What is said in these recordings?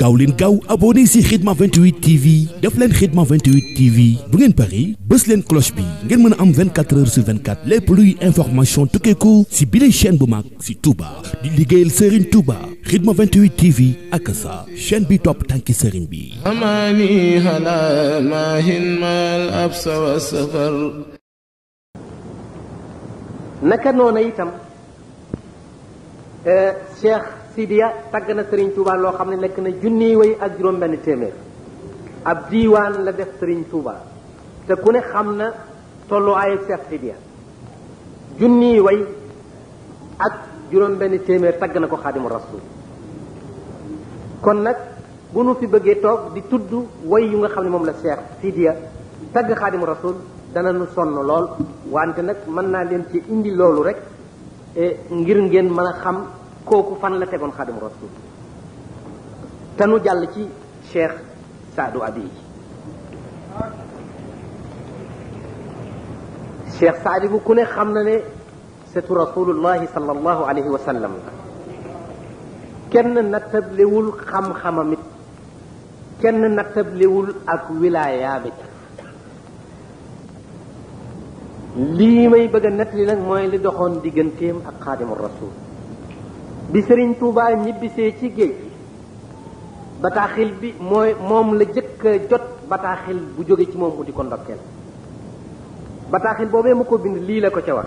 gaaw leen gaaw abonné si Khidma 28 TV def leen Khidma 28 TV bu ngeen pari bës leen cloche bi ngeen mën a am 24 heures sur 24 lépp luy information tukkeeku si bile chaîne bu mag si Touba di liggéeyal Serigne Touba Khidma 28 TV ak sa chaîne bi topp tànki Serigne bi. naka noona itam eh, Cheikh. Sidiya tagg na Serigne Touba loo xam ne lekk na junniy way ak juróom-benn téeméer ab diiwaan la def sëriñ Touba te ku ne xam na tollu ay Cheikh Sidiya junniy way ak juróom-benn téeméer tagg na ko Xaadimu Rasuul kon nag bu nu fi bëggee toog di tudd way yu nga xam ne moom la Cheikh Sidiya tagg Xaadimu Rasuul dana nu sonn lool wante nag mën naa leen ci indi loolu rek eh, ngir ngeen mën a xam. kooku fan la tegoon xadim rasul te nu jàll ci cheikh saadu abi cheikh saadi bu ku ne xam na ne setu rasulullahi sallallahu alayhi wa sallam la kenn nattablewul xam-xamamit kenn nattablewul ak wilaayaamit lii may bëgg a li nag mooy li doxoon digganteem ak xaadimu rasul bi sëriñ Touba ñibbisee ci géej gi bataaxil bi mooy moom la jëkk jot bataaxil bu jóge ci moom mu di ko ndokkeel bataaxil boobee mu ko bind lii la ko ca wax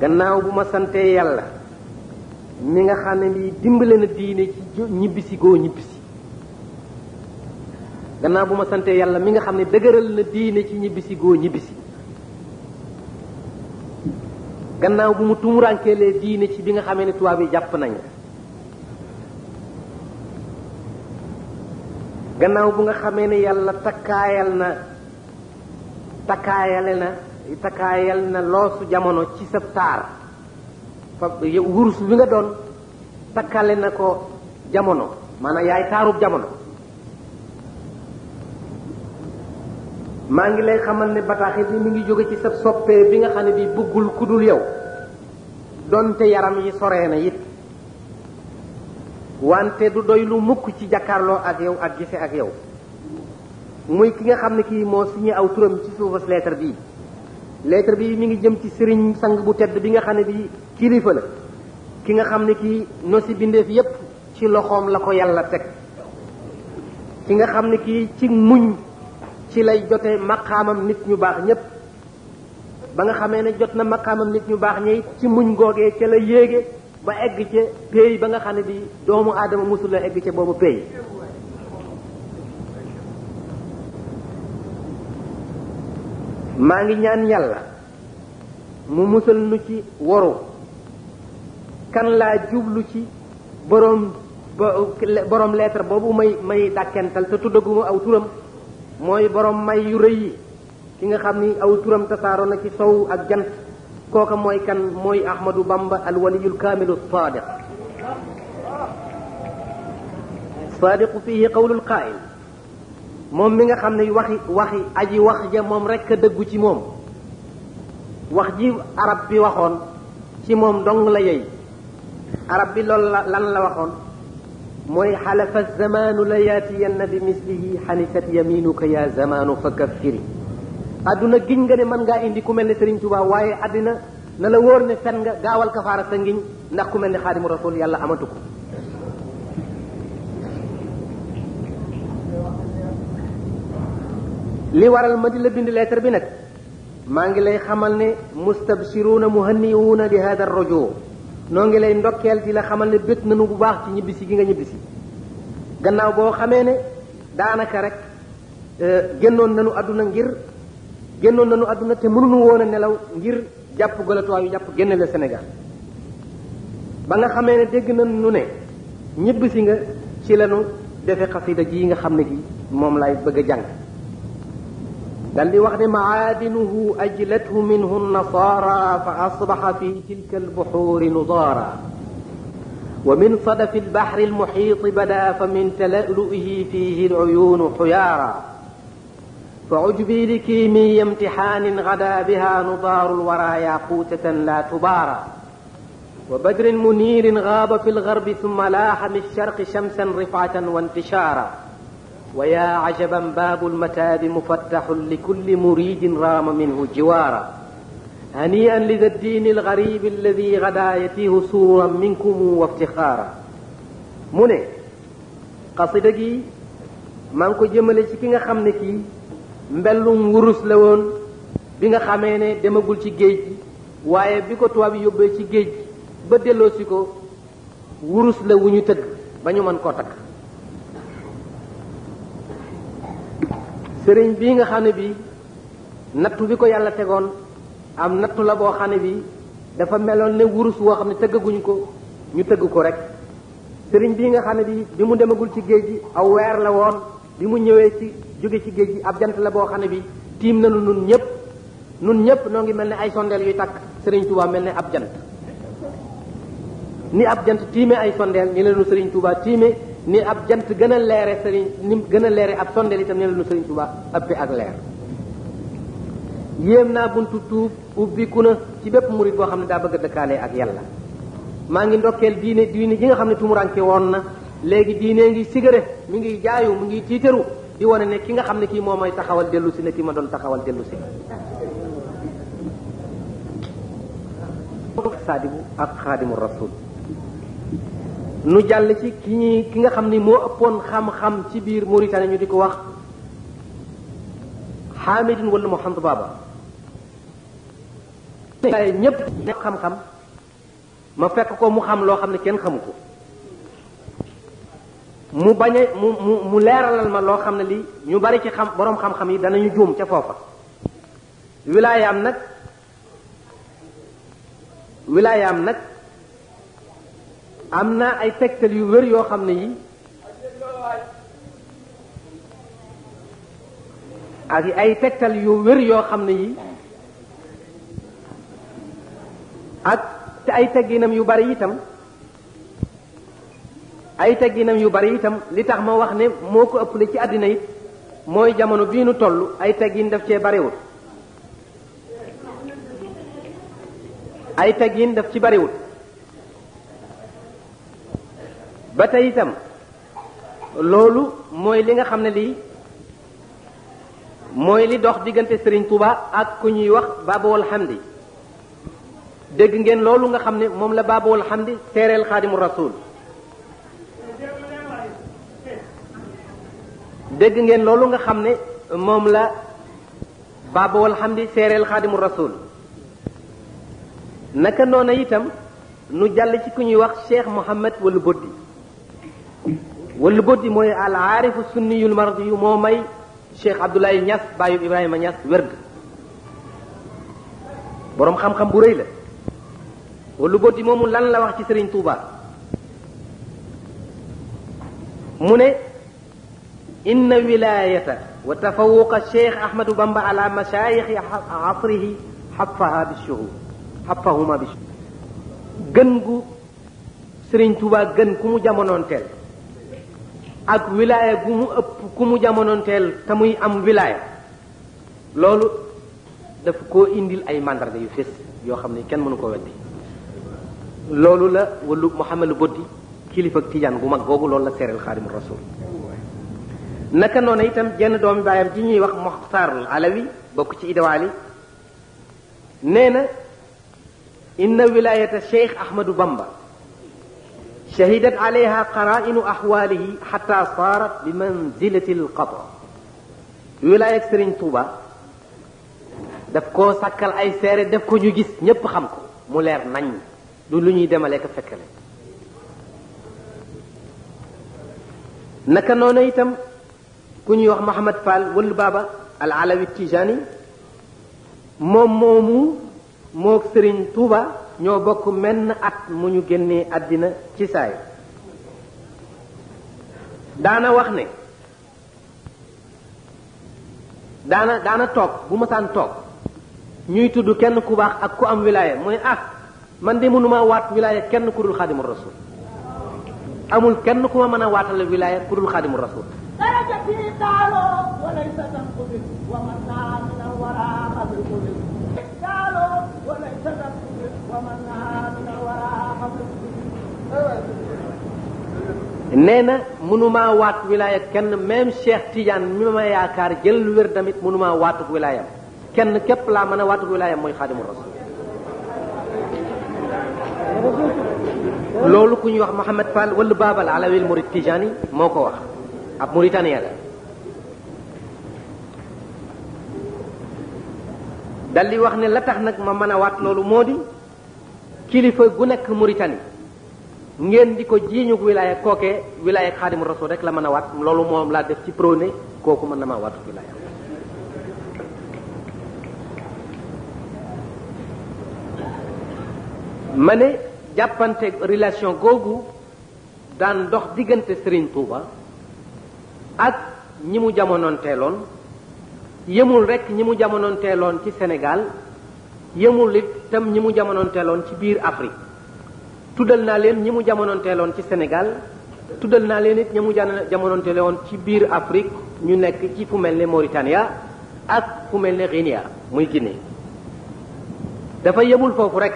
gannaaw bu ma sante yàlla mi nga xam ne nii dimbale na diine ci ñibbisi goo ñibbisi gannaaw bu ma santee yàlla mi nga xam ne dëgëral na diine ci ñibbisi goo ñibbisi gannaaw bu mu tumurankeelee diine ci bi nga xamee ne tubaab yi jàpp nañ gannaaw bu nga xamee ne yàlla takkaayal na takkaayale na takkaayal na loosu jamono ci sa taar fa wurus bi nga doon takkale na ko jamono maanaam yaay taarub jamono maa ngi lay xamal ne bataaxit bi mu ngi jóge ci sa soppee bi nga xam ne bi bëggul ku dul yow donte yaram yi soree na it wante du doy lu mukk ci jàkkaarloo ak yow ak gise ak yow muy ki nga xam ne kii moo signé aw turam ci suufas lettre bii lettre bi mi ngi jëm ci sëriñ sang bu tedd bi nga xam ne bi kilifa la ki nga xam ne kii nosi bindeef yépp ci loxoom la ko yàlla teg ki nga xam ne kii ci muñ ci lay jotee maqaamam nit ñu baax ñépp ba nga xamee ne jot na maqaamam nit ñu baax ñi ci muñ googee ca la yéege ba egg ca pay ba nga xam ne bi doomu aadama musul la egg ca boobu pay maa ngi ñaan yàlla mu musal nu ci waru kan laa jublu ci boroom boroom lettre boobu may may dàkkental te tuddaguma aw turam mooy borom may yu rëy ki nga xam ni aw turam tasaaroo na ci sow ak jant kooka mooy kan mooy Ahmadu Bamba al waliyul kaamilu saadiq saadiqu fiihi qawlul qaa'il moom mi nga xam ne waxi waxi aji wax ja moom rek a dëggu ci moom wax ji arab bi waxoon ci moom dong la yey arab bi loolu la lan la waxoon mooy xalafa zamaanu la yaatiyanna bi mislihi xalisat yaminuka yaa zamaanu fa kaffiri adduna giñ nga man mën indi ku mel ne Serigne Touba waaye addina na la wóor ne fen nga gaawal kafaara sa ngiñ ndax ku mel ne xaadimu rasul yàlla amatu ko li waral ma di la bind lettre bi nag maa ngi lay xamal ne mustabshiruuna muhanniuuna li hada arrojo noo ngi lay ndokkeel di la xamal ne bét nañu bu baax ci ñibbisi gi nga ñibbisi gannaaw boo xamee ne daanaka rek euh, génnoon nanu àdduna ngir génnoon nanu àdduna te mënuñu woon nelaw ngir jàpp galatuwaa yu jàpp génne la Sénégal ba nga xamee ne dégg nañu ne ñibbisi nga ci lañu defe xasida ji nga xam ne gi moom lay bëgg a jàng dal di wax ne maadinuhu ajlathu minhu nasaara fa asbaxa fi tilka albuxuuri nudaara wa min sadafi albahri almuxiiti bada fa min talalu'ihi fihi alyuyuunu xuyaara fa ujbi liki min imtixaanin gada biha nudaaru alwara yaquutatan laa tubaara wa badrin muniirin gaaba fi algarbi summa laaxa min alsharqi shamsan rifaatan wa intishaara ويا عجبا باب المتاب مفتح لكل مريد رام منه جوارا هنيئا لذا الدين الغريب الذي غدا يتيه سرورا منكم وافتخارا mu ne xasida gi maa ngi ko jëmale ci ki nga xam ne kii mbellum wurus la woon bi nga xamee ne demagul ci géej gi waaye bi ko tubaab yi yóbbee ci géej gi ba delloosi ko wurus la wu ñu tëgg ba mën koo takk sëriñ bii nga xam ne bii nattu bi ko yàlla tegoon am nattu la boo xam ne bii dafa meloon ne wurus woo xam ne tëggaguñ ko ñu tëgg ko rek sëriñ bii nga xam ne bi bi mu demagul ci géej gi aw weer la woon bi mu ñëwee ci jóge ci géej gi ab jant la boo xam ne bii tiim nañu nun ñëpp nun ñëpp noo ngi mel ne ay sondeel yuy takk sëriñ Touba mel ne ab jant ni ab jant tiime ay sondeel ni la nu sëriñ Touba tiime ni ab jant gën a leere sëriñ ni gën a leere ab sondeel itam ne la nu sëriñ Tuubaa ëppe ak leer yéem naa buntu tuub ubbiku na ci bépp murit boo xam ne daa bëgg a dëkkaale ak yàlla maa ngi ndokkeel diine diine ji nga xam ne tumuranke woon na léegi diine ngi sigare mu ngi jaayu mu ngi tiitaru di wane ne ki nga xam ne kii moo may taxawal dellu si na ki ma doon taxawal dellu si saadibu ak xaadimu rasul nu jàll ci ki ki nga xam ni moo ëppoon xam-xam ci biir Mauritanie ñu di ko wax Hamidine wala Mouhamadou Baba waaye ñépp xam-xam ma fekk ko mu xam loo xam ne kenn xamu ko mu bañ a mu mu mu leeralal ma loo xam ne lii ñu bari ci xam boroom xam-xam yi danañu juum ca foofa wilaayaam nag wilaayaam nag am na ay tegtal yu wér yoo xam ne yi ak ay tegtal yu wér yoo xam ne yi ak te ay tegginam yu bari itam ay tegginam yu bari itam li tax ma wax ne moo ko ëppale ci àddina it mooy jamono bii nu toll ay teggin def cee bariwul ay teggin def ci bariwul ba tey itam loolu mooy li nga xam ne lii mooy li dox diggante Serigne Touba ak ku ñuy wax Babawal xamdi dëgg ngeen loolu nga xam ne moom la Babawal Hamdi seereel Xaadimu Rasuul dégg ngeen loolu nga xam ne moom la Babawal Hamdi seereel Xaadimu Rasuul naka noona itam nu jàll ci ku ñuy wax Cheikh Mouhamed wala Boddi wala bët yi mooy al aarifu sunniyul mardi yu moo may Cheikh Abdoulaye Niass bàyyub Ibrahima Niass wérg boroom xam-xam bu rëy la wala bët yi moomu lan la wax ci Serigne Touba mu ne inna wilayata wa tafawuqa Cheikh Ahmadou Bamba ala mashayikhi asrihi xafaha bishuhur xafahuma bishuhur gën gu Serigne Touba gën ku mu jamonoon teel ak wilaaya gu mu ëpp ku mu jamonoonteel te muy am wilaaya loolu dafa ko indil ay mandarga yu fees yoo xam ne kenn mënu ko weddi loolu la wallu Muhammadu Boddi kilifa ak tijaan gu mag googu loolu la seereel xaadimu rasul naka noonu itam jenn doomi baayam ji ñuy wax Moxtaarul Alawi bokk ci Idawali nee na inna wilaayata Cheikh Ahmadou Bamba shahidat alayha qaraainu axwaalihi xataa saarat bi manzilati alqata wilaaya ak Sëriñ Tuuba daf koo sàkkal ay seere def ko ñu gis ñépp xam ko mu leer nañ du lu ñuy demale ko fekkale naka noonu itam ku ñuy wax Mohammed Fall wëllu baaba al alawi tijaani moom moomu moog Sëriñ Tuuba ñoo bokk menn at mu ñu génnee àddina ci saay daana wax ne daana daana toog bu masaan saan toog ñuy tudd kenn ku baax ak ku am wilaaya mu ah man de mënuma waat wilaaya kenn ku dul xaadimu rasul amul kenn ku ma mën a waatal wilaaya ku dul xaadimu rasul man naa min alwara qabil qubi nee na mënumaa waat wilaaya kenn même Cheikh Tidiane mi ma yaakaar jël lu wér tamit mënumaa waatuk wilaayam kenn képp laa mën a waatuk wilaayam mooy xaadimu rasul loolu ku ñuy wax Mouhamed Fall wala Babal alawil murid Tidiane moo ko wax ab Mauritanien la dal di wax ne la tax nag ma mën a waat loolu moo di kilifa gu nekk Mauritanie ngeen di ko jiiñu wilaaya kooke wilaaya xaadimu rasul rek la mën a waat loolu moom laa def ci prôné kooku mën na maa watu wilaaya ma ne jàppante relation googu daan dox diggante Serigne Touba ak ñi mu jamonoonteeloon yemul rek ñi mu jamonoonteeloon ci Sénégal yemul it tam ñi mu jamonoonteeloon ci biir Afrique tuddal naa leen ñi mu jamonoonteeloon ci senegal tuddal naa leen it ñi mu jamonoonteeloon ci biir Afrique ñu nekk ci fu mel ne Mauritania ak fu mel ne Guinée muy Guinée dafa yemul foofu rek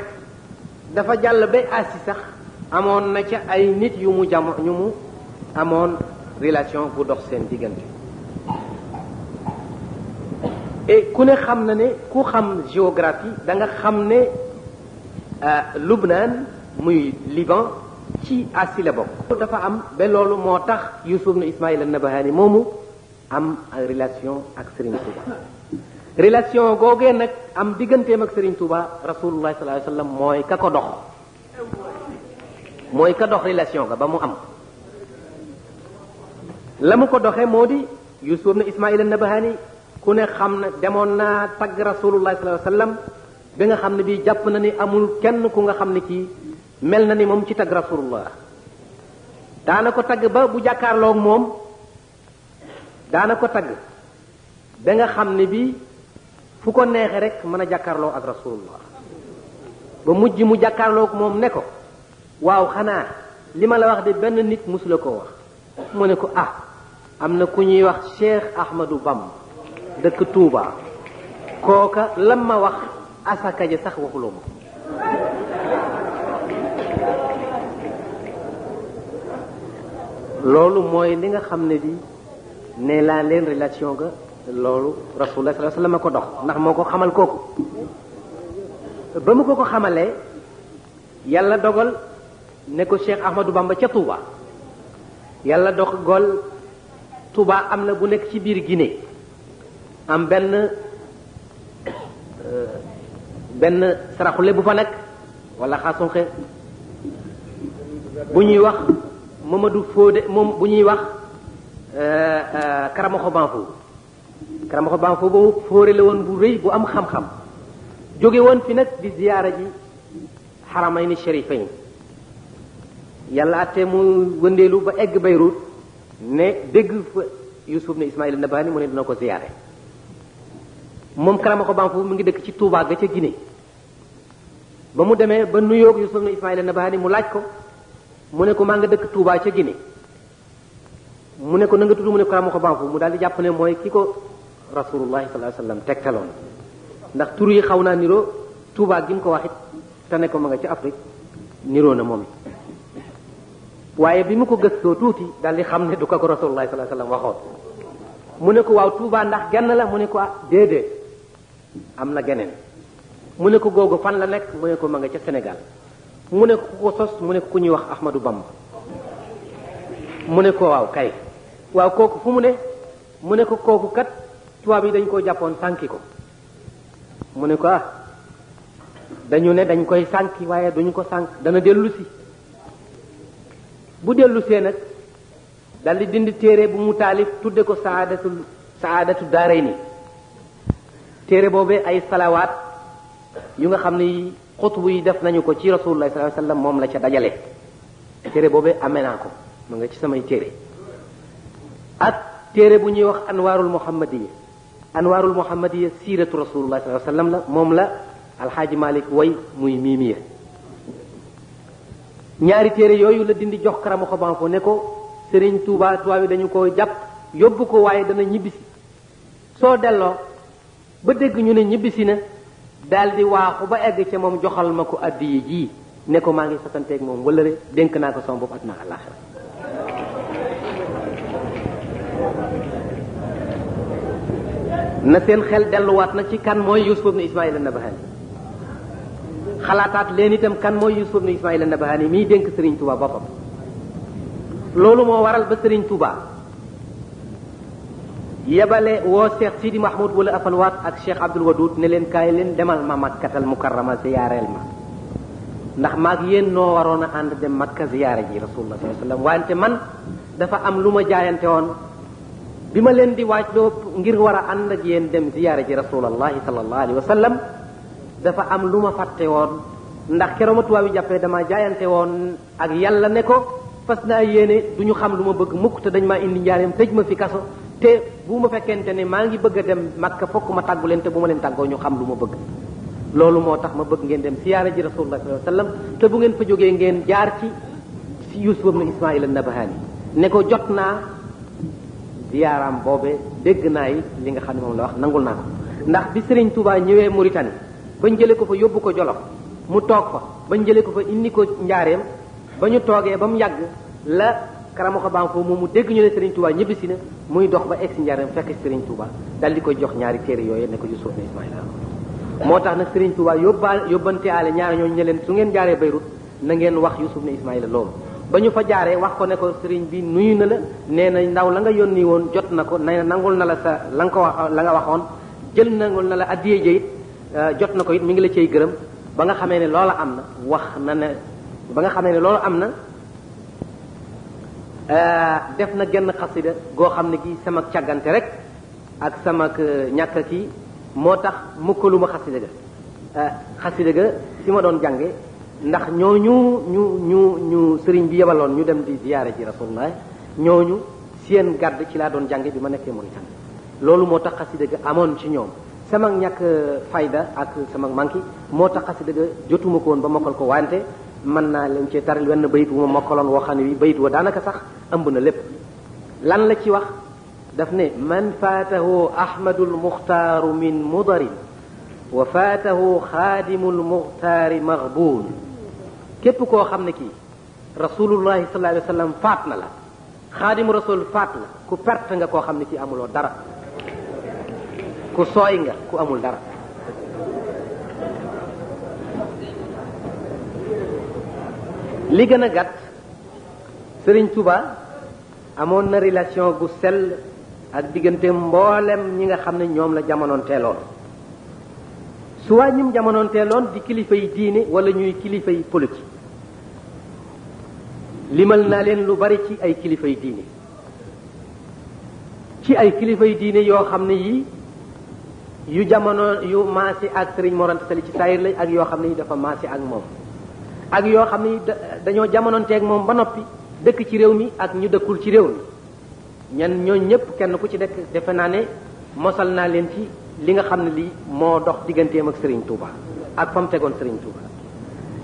dafa jàll ba Asie sax amoon na ca ay nit yu mu jamo ñu mu amoon relation bu dox seen diggante ku ne xam na ne ku xam géographie danga xam ne euh, Lubnaan muy Liban ci Asie la bokk dafa am ba loolu moo tax Yusuf na Ismaïl an-Nabahani moomu am relation ak Serigne Touba relation googee nag am digganteem ak Serigne Touba rasulullah sallallahu alayhi wasallam mooy ka ko dox mooy ka dox relation ga ba mu am la mu ko doxee moo di Yusuf na Ismaïl an-Nabahani ku ne xam na demoon naa tagg rasulullah sallallahu alayhi wa sallam nga xam ne bii jàpp na ni amul kenn ku nga xam ne kii mel na ni moom ci tagg rasulullah daana ko tagg ba bu jàkkaarlook moom daana ko tagg ba nga xam ne bi fu ko neexee rek mën a jàkkaarloo ak rasulullah ba mujj mu jàkkaarlook moom ne ko waaw xanaa li ma la wax di benn nit mësula ko wax mu ne ko ah am na ku ñuy wax Cheikh Ahmadou Bamba dëkk Touba kooka lam ma wax asaka ji sax waxuloo ma loolu mooy li nga xam ne di ne laa leen relation ga loolu rasulullah sallallahu alayhi wasallam ko dox ndax moo ko xamal kooku ba mu ko ko xamalee yàlla dogal ne ko Cheikh Ahmadou Bamba ca Touba yàlla gol Touba am na bu nekk ci biir Guinée am benn euh, benn saraxule bu fa nekk wala xasunxe bu ñuy wax Mamadou Fodé moom bu ñuy wax euh, euh, Karamoxo Banfo Karamoxo Banfo boobu fóore la woon bu rëy bu am xam-xam jóge woon fi nag di ziyaara ji xaramayni sharifayn yàlla atte mu wëndeelu ba egg Beyrouth ne dégg fa Yusuf ne Ismaïl Nabani mu ne dina ko ziyaare moom Karamako Banfou mu ngi dëkk ci Touba ga ca Guinée ba mu demee ba nuyoog Yusuf na Ismaïla Nabahani mu laaj ko mu ne ko maa nga dëkk tuubaa ca Guinée mu ne ko na nga tudd mu ne ko Karamako Banfou mu daal di jàpp mooy ki ko rasulullahi sallallahu alayhi wasallam tegtaloon ndax tur yi xaw naa niroo Touba gi mu ko waxit te ne ko ma nga ca Afrique niroo na moom it waaye bi mu ko gëstoo tuuti daal di xam ne du ko ko rasulullahi sallallahu alayhi wasallam mu ne waaw Touba ndax genn la mu ne ko ah déedéet am na geneen mu ne ko googu fan la nekk mu ne ko ma ca senegal mu ne ko ko sos mu ne ko ku ñuy wax Ahmadou Bamba mu ne ko waaw kay waaw kooku fu mu ne mu ne ko kooku kat tubaab yi dañ koo jàppoon sànki ko mu ne ko ah dañu ne dañ koy sànki waaye duñu ko sànk dana dellu si bu dellu see nag di dindi téere bu mu taalif tudde ko saadatul saadatu nii téere boobee ay salawaat yu nga xam ni xot yi def nañu ko ci rasulullah sallallahu moom la ca dajale téere boobee amee naa ko mu nga ci samay téere ak téere bu ñuy wax anwaarul muhammadiya anwaarul muhammadiya siiratu rasulullah sallallahu alayhi la moom la alxaaji malik way muy miimiya ñaari téere yooyu la dindi jox karamu xoban ko ne ko sëriñ tuuba tubaab yi dañu ko jàpp yóbbu ko waaye dana ñibbisi soo delloo ba dégg ñu ne ñibbisi na daldi di waaxu ba egg ca moom joxal ma ko addiya jii ne ko maa ngi sotanteeg moom wala rek dénk naa ko sama bopp at naa àllaaxira na seen xel delluwaat na ci kan mooy Yusuf ibn Ismaïl an-Nabahani xalaataat leen itam kan mooy Yusuf ibn Ismaïl an-Nabahani mii dénk Serigne Touba boppam loolu moo waral ba sëriñ Touba. yebale woo Cheikh Sidi Mahmoud wala afalwaat ak Cheikh Abdul Wadud ne leen kaay leen demal ma makkatal mukarrama ziyaareel ma ndax maak yéen noo waroon a ànd dem makka ziyaare ji rasulullah sallallahu alayhi man dafa am lu ma jaayante woon bi ma leen di waaj ngir war a ànd yéen dem ziyaare ji rasulallahi sallallahu alayhi wasallam dafa am lu ma fàtte woon ndax keroog ma tubaab jàppee dama jaayante woon ak yàlla ne ko fas naa yéene du ñu xam lu ma bëgg mukk te dañ ma indi njaareem tëj ma fi kaso te bu ma fekkente ne maa ngi bëgg a dem makk fokk ma tàggu leen te bu ma leen tàggoo ñu xam lu ma bëgg loolu moo tax ma bëgg ngeen dem siyaara ji rasulullah sallallahu alayhi wa sallam te bu ngeen fa jógee ngeen jaar ci yusuf ibn ismail an-nabahani ne ko jot naa ziyaaraam boobe dégg naa yi li nga xam ne moom la wax nangul naa ko ndax bi Serigne Touba ñëwee Mauritanie bañ jëlee ko fa yóbbu ko Jolof mu toog fa bañ jëlee ko fa indi ko njaareem ba ñu toogee ba mu yàgg karama ko banko moom mu dégg ñu ne Serigne Touba ñibbisi na muy dox ba egsi njaaram fekk Serigne Touba dal di ko jox ñaari téere yooyu ne ko Yuusuf ne Ismaïla moo tax nag Serigne Touba yóbbaal yóbbante aale ñaari ñooñu ne leen su ngeen jaaree Beyrut na ngeen wax Yuusuf ne Ismaïla loolu ba ñu fa jaaree wax ko ne ko seriñ bi nuyu na la nee na ndaw la nga yónni woon jot na ko na nangul na la sa la nga ko wax la nga waxoon jël nangul na la addiyee ja it euh, jot na ko it mu ngi la cay gërëm ba nga xamee ne loola am na wax na ne ba nga xamee ne loolu am na Euh, def na genn xasida goo xam ne gi sama càggante rek ak sama euh, ñàkk kii moo tax mukkaluma xasida ga euh, xasida ga si ma doon jànge ndax ñoo ñu ñu ñu ñu sëriñ bi yebaloon ñu dem di ziyaare ji rasulullah ñooñu yenn gàdd ci laa doon jànge bi ma nekkee Mauritanie loolu moo tax xasida ga amoon ci ñoom sama ñàkk fayda ak sama manki moo tax xasida ga jotuma ko woon ba mokkal ko wante mën naa leen ci taral wenn bayit wu ma mokkaloon woo xam ne bi bayit wa daanaka sax ëmb na lépp lan la ci wax daf ne man faatahu ahmadu almuxtaaru min mudarin wa faatahu xaadimu almuxtaari maxbuun képp koo xam ne kii rasulullahi sallallahu alayhi wa sallam faat na la xaadimu rasul faat la ku perte nga koo xam ne kii amuloo dara ku sooy nga ku amul dara li gën a gàtt Sëriñ Tuba amoon na relation gu sell ak diggante mboolem ñi nga xam ne ñoom la jamonoon teeloon su waa ñum di kilifa yi diine wala ñuy kilifa yi politique limal naa leen lu bari ci ay kilifa yi diine ci ay kilifa yi diine yoo xam ne yii yu jamono yu maase ak Sëriñ Mor Anta Sali ci saayir lañ ak yoo xam ne yi dafa maase ak moom ak yoo xam ni dañoo jamononteeg moom ba noppi dëkk ci réew mi ak ñu dëkkul ci réew mi ñan ñooñ ñëpp kenn ku ci dëkk defe naa ne mosal naa leen ci li nga xam ne lii moo dox digganteem ak Serigne Touba ak fa mu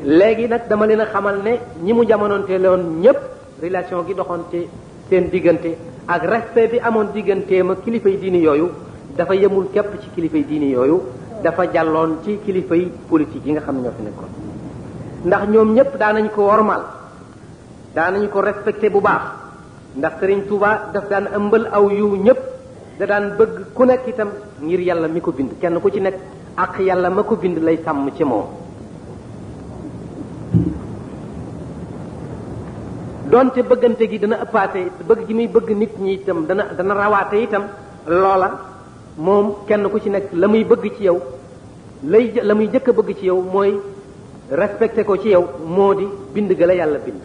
léegi nag dama leen a xamal ne ñi mu jamononteeloon ñëpp relation gi doxoon ci seen diggante ak respect bi amoon digganteem ak kilifay diini yooyu dafa yemul képp ci kilifay diini yooyu dafa jàlloon ci kilifa kilifay politique yi nga xam ne ñoo fi nekkoon. ndax ñoom ñépp daanañ ko wormaal daanañ ko respecté bu baax ndax Sëriñ Tuuba def daan ëmbal aw yiw ñépp da daan bëgg ku nekk itam ngir yàlla mi ko bind kenn ku ci nekk ak yàlla ma ko bind lay sàmm ci moom donte bëggante gi dana ëppaate bëgg gi muy bëgg nit ñi itam dana dana rawaate itam loola moom kenn ku ci nekk la muy bëgg ci yow lay la muy jëkk a bëgg ci yow mooy respecté ko ci yow moo di bind ga la yàlla bind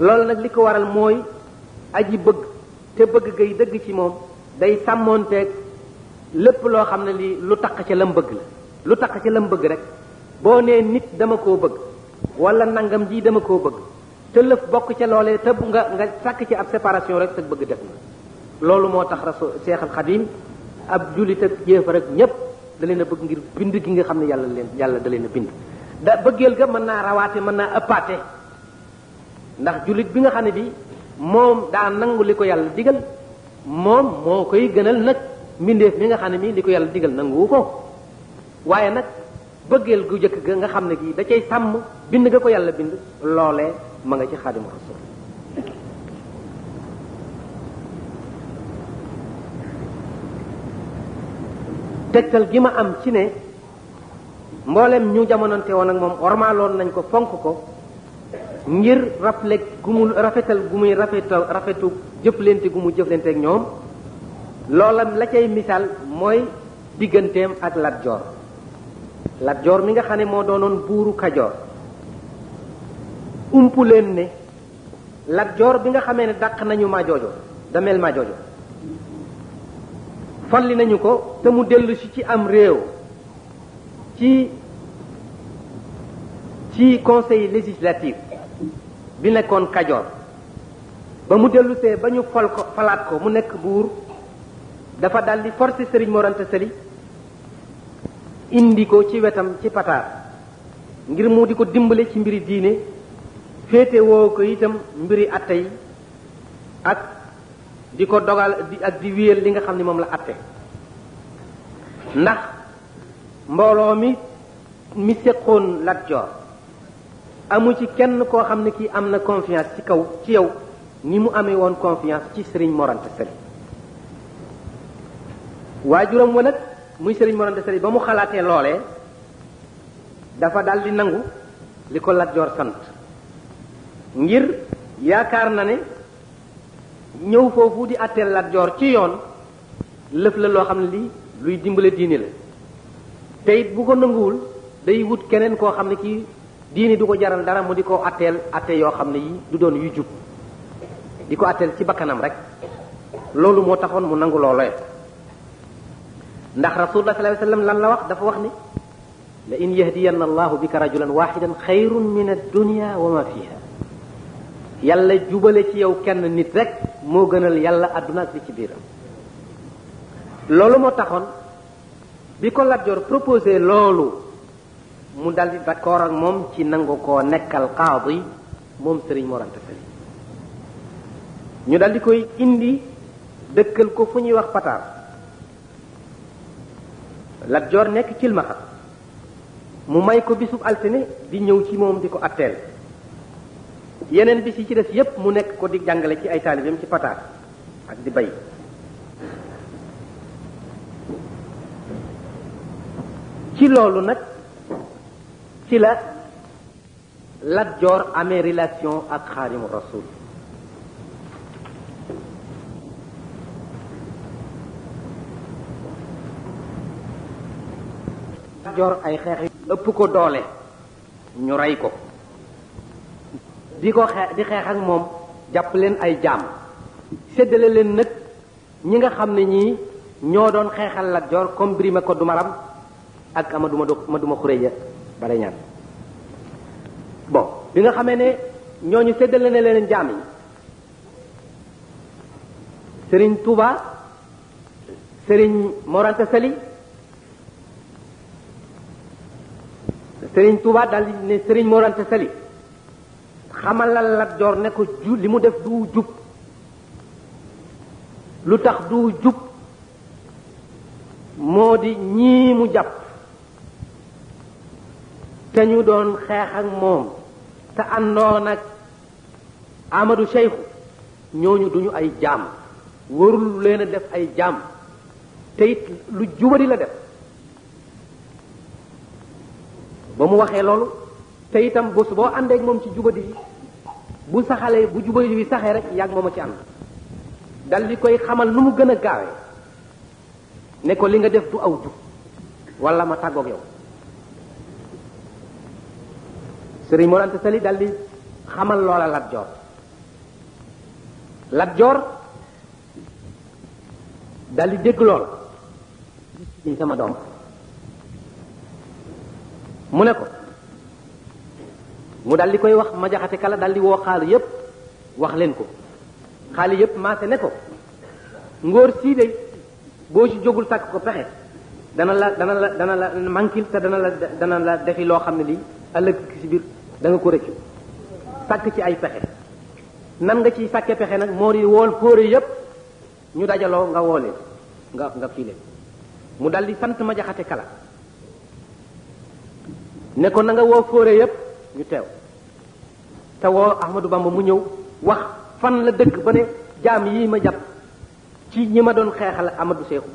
loolu nag li ko waral mooy aji bëgg te bëgg gay dëgg ci moom day sàmmoonteeg lépp loo xam ne lii lu tax ca lam bëgg la lu taq ca lam bëgg rek boo nee nit dama koo bëgg walla nangam jii dama koo bëgg te bokk ca loolee te nga nga sàkk ci ab séparation rek sa bëgg def na loolu moo tax rasul Cheikh al ab jullit ak jéefar ak ñépp daleen leen bëgg ngir bind gi nga xam ne yàlla leen yàlla da leen a bind da bëggeel ga mën naa rawaate mën naa ëppaate ndax jullit bi nga xam ne bi moom daa nangu li ko yàlla digal moom moo koy gënal nag mbindeef mi nga xam ne bii li ko yàlla digal nanguwu ko waaye nag bëggeel gu jëkk ga nga xam ne gi da cay sàmm bind nga ko yàlla bind loole ma nga ci xaadimu rasul tegtal gi ma am ci ne mboolem ñu jamonante woon ak moom ormaaloon nañ ko fonk ko ngir rafetal gu muy rafetal rafetu jëflante gu mu jëflante ak ñoom loolam la cay misaal mooy digganteem ak lajjoor lajjoor Lat mi nga xam ne moo doonoon buuru Kajoor umpu leen ne Lat bi nga xamee ne dàq nañu Majoojo dameel Majoojo folli nañu ko te mu dellusi ci am réew ci ci conseil législatif bi nekkoon Kajoor ba mu dellusee ba ñu fol ko falaat ko mu nekk buur dafa daldi forcé Sëriñ Mor Anta Sali indi ko ci wetam ci pataar ngir mu di ko dimbale ci mbiri diine féete woo ko itam mbiri atte ak di ko dogal di ak di li nga xam ni moom la atte ndax mbooloo mi mi séqoon Lat Joor amu ci kenn koo xam ne kii am na confiance ci kaw ci yow ni mu amee woon confiance ci sëriñ Morante Sali waajuram wa nag muy sëriñ Morante Sali ba mu xalaatee loolee dafa daldi nangu li ko Lat Joor sant ngir yaakaar na ne ñëw foofu di àtteel Lat Joor ci yoon lëf la loo xam ne lii luy dimbale diine la te it bu ko nanguwul day wut keneen koo xam ne kii diine du ko jaral dara mu di ko àtteel àtte yoo xam ne yi du doon yu jub di ko àtteel ci bakkanam rek loolu moo taxoon mu nangu loolooy ndax rasulullah sallallahu alayhi wasallam lan la wax dafa wax ni la in yahdiyanna allahu bika rajulan waxidan xayrun min ad dunya wa ma fiha yàlla jubale ci yow kenn nit rek moo gënal yàlla àdduna ak li ci biiram loolu moo taxoon bi ko Lat Joor proposé loolu mu daldi d'accord ak moom ci nangu ko nekkal qaadi moom sëriñ Mor Anta Sali ñu daldi koy indi dëkkal ko fu ñuy wax pataar Lat nekk cilmaxa mu may ko bisub altine di ñëw ci moom di ko atteel yeneen bi yi ci des yépp mu nekk ko di jàngale ci ay taalibeem ci pataat ak di bay ci loolu nag ci la Lat amee relation ak Xaadimu Rasuul Lat ay xeex yu ëpp ko doole ñu rey ko di ko xee di xeex ak moom jàpp leen ay jaam séddale leen nag ñi nga xam ne ñii ñoo doon xeexal Lat Joor comme Birima ko du maram ak Amadou Madou ma Xureja bare ñaan bon bi nga xamee ne ñooñu séddale na leen jaam yi Serigne Touba Serigne Moranta Sali Serigne Touba daal di ne Serigne Moranta Sali xamalal Lat Joor ne ko li mu def du jub lu tax du jub moo di ñii mu jàpp te ñu doon xeex ak moom te àndoon ak Amadou Cheikhu ñooñu duñu ay jaam warul leen def ay jaam te it lu jubadi la def ba mu waxee loolu te itam bos boo àndeek moom ci jubadi yi bu saxalee bu jubadi bi saxee rek yàgg moom a ci ànd dal di koy xamal lu mu gën a gaawee ne ko li nga def du aw jub wala ma tàggoog yow sëriñ Mor Anta Sali dal di xamal loola Lat Joor Lat Joor dal di dégg loola ci sama doom mu ne ko mu dal di koy wax ma kala dal di woo xaalu yépp wax leen ko xaalu yépp maase ne ko ngóor sii de boo ci jógul takk ko pexe dana la dana la la mankil dana la dana defi loo xam ne lii ëllëg si biir da nga ko rëccu sàkk ci ay pexe nan nga ciy sàkke pexe nag moo di wool fóore yépp ñu dajaloo nga woolee nga nga kii leen mu daldi sant majaxate kala ne ko na nga woo fóore yépp ñu teew te woo Ahmadou Bamba mu ñëw wax fan la dëkk ba ne jaam yi ma jàpp ci ñi ma doon xeexal Amadou Seexu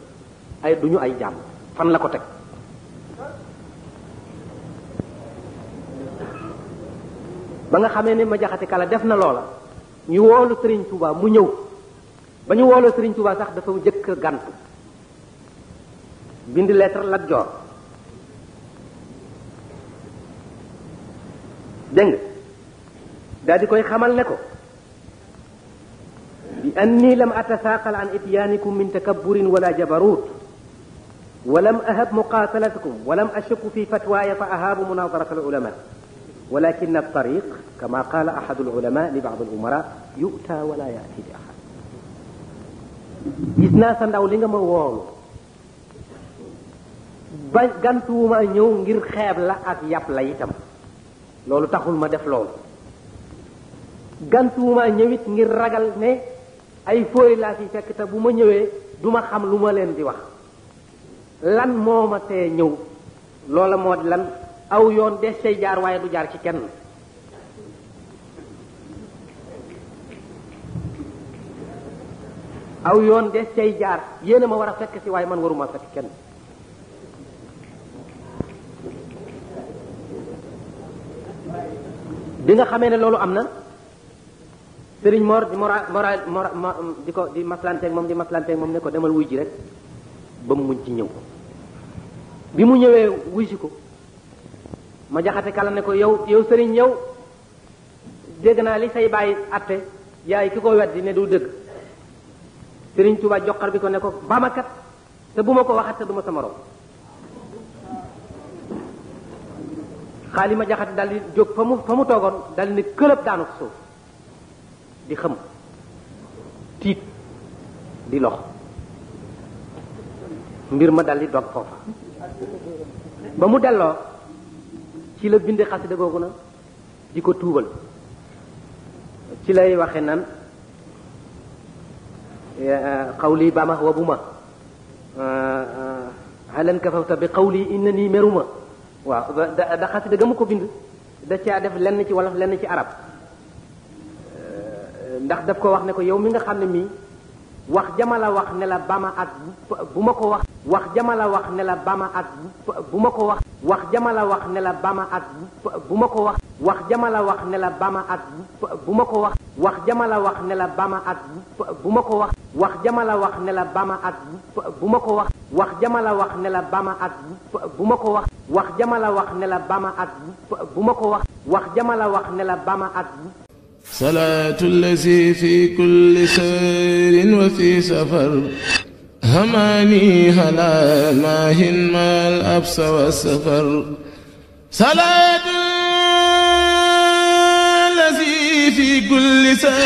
ay du ñu ay jaam fan la ko teg ba nga xamee ne ma jaxati kala def na loola ñu woolu Serigne Touba mu ñëw ba ñu woolu Serigne Touba sax dafa jëkk gàntu bind lettre Lat Joor dégg nga koy xamal ne ko bi anni lam atasaaqal an ityaanikum min takabburin wala jabarut walam ahab muqaatalatakum walam ashuku fi fatwaaya fa ahaabu munaadarata al ulama walakin at-tariq kama qaala ahadu al ulama li ba'd al umara ya'ti bi ahad gis naa sa ndaw li nga ma woolu ba gantuwuma ñëw ngir xeeb la ak yàpp la loolu taxul ma def loolu gantuwuma ñëwit ngir ragal ne ay fóori laa fi fekk te bu ma ñëwee duma ma xam lu ma leen di wax lan moo ma tee ñëw loola moo lan aw yoon des say jaar waaye du jaar ci kenn aw yoon des say jaar yéen a ma war a fekk si waaye man waruma fekk kenn bi nga xamee ne loolu am na sëriñ Mor di mora mora di ko di maslanteeg moom di maslanteeg moom ne ko demal wuy ji rek ba mu muñ ci ñëw bi mu ñëwee wuy si ko ma jaxate kala ne ko yow yow sëriñ yow dégg naa li say bàyyi atte yaay ki ko weddi ne du dëgg sëriñ Tuubaa joxar bi ko ne ko ba ma kat te bu ma ko waxat te du ma sa morom xaalima jaxati daal di jóg fa mu fa mu toogoon daal di këlëb daanu ko di xam tiit di lox mbir ma daal di dog foofa ba mu delloo ci la binde xasida googu na di ko tuubal ci lay waxe nan qawli ba ma wa bu ma halan kafawta bi qawli innani meruma waaw da da xasida ga mu ko bind da caa def lenn ci wolof lenn ci arab ndax daf ko wax ne ko yow mi nga xam ne mii wax jama la wax ne la bama ak bu ma ko wax wax jama la wax ne la bama ak bu ma ko wax wax jama la wax ne la bama ak bu ma ko wax wax jama la wax ne la bama ak bu ma ko wax wax jama la wax ne la bama ak bu ma ko wax wax jama la wax ne la bama ak bu ma ko wax wax jama la wax ne la bama ak bu ma ko wax wax jama la wax ne la bama ak bu ma ko wax wax jama la wax ne la bama ak salaatu allazi fi kulli sayrin wa fi safar hamaani halal maahin maal absa wa safar salaatu allazi fi kulli sayrin